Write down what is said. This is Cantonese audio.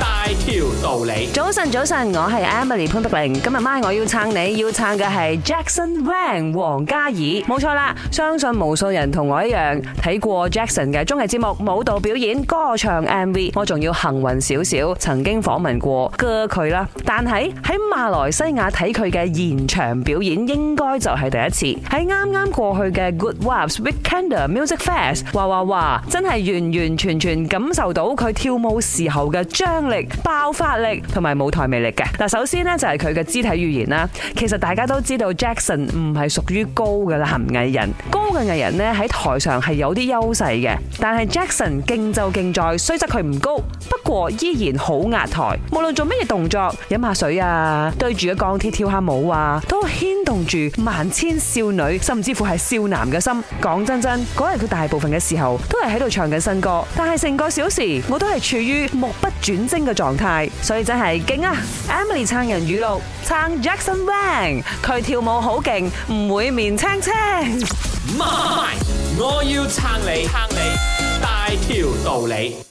大條道理，早晨早晨，我係 Emily 潘德玲，今日晚我要撐你，要撐嘅係 Jackson Wang 王嘉爾，冇錯啦，相信無數人同我一樣睇過 Jackson 嘅綜藝節目、舞蹈表演、歌唱 MV，我仲要幸運少少，曾經訪問過佢啦，但係喺馬來西亞睇佢嘅現場表演，應該就係第一次喺啱啱過去嘅 Good Vibes Weekend Music Fest，哇哇哇，真係完完全全感受到佢跳舞時候嘅張力。力爆發力同埋舞台魅力嘅嗱，首先呢就係佢嘅肢體語言啦。其實大家都知道 Jackson 唔係屬於高嘅男藝人，高嘅藝人呢喺台上係有啲優勢嘅。但係 Jackson 勁就勁在，雖則佢唔高，不過依然好壓台。無論做乜嘢動作，飲下水啊，對住個鋼鐵跳下舞啊，都牽動住萬千少女，甚至乎係少男嘅心的。講真真，嗰日佢大部分嘅時候都係喺度唱緊新歌，但係成個小時我都係處於目不轉睛嘅狀態，所以真係勁啊！Emily 撐人語錄撐 Jackson Wang，佢跳舞好勁，唔會面青青。m 我要撐你，撐你大條道理。